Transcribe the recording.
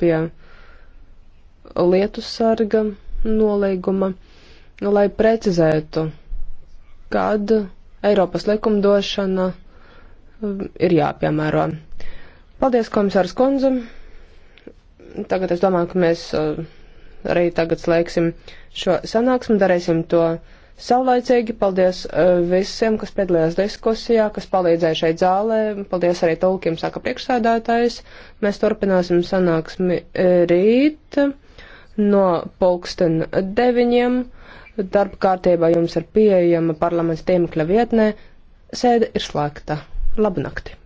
pie lietu sarga nolīguma, lai precizētu, kad Eiropas likumdošana um, ir jāpiemēro. Paldies, komisārs Konze. Tagad es domāju, ka mēs uh, arī tagad slēgsim šo sanāksmu, darīsim to saulaicīgi. Paldies uh, visiem, kas piedalījās diskusijā, kas palīdzēja šeit zālē. Paldies arī tulkiem, saka priekšsēdētājs. Mēs turpināsim sanāksmi uh, rīt no pulksten deviņiem. Darba kārtībā jums ir pieejama parlaments tiemekļa vietnē. Sēde ir slēgta. Labnakti!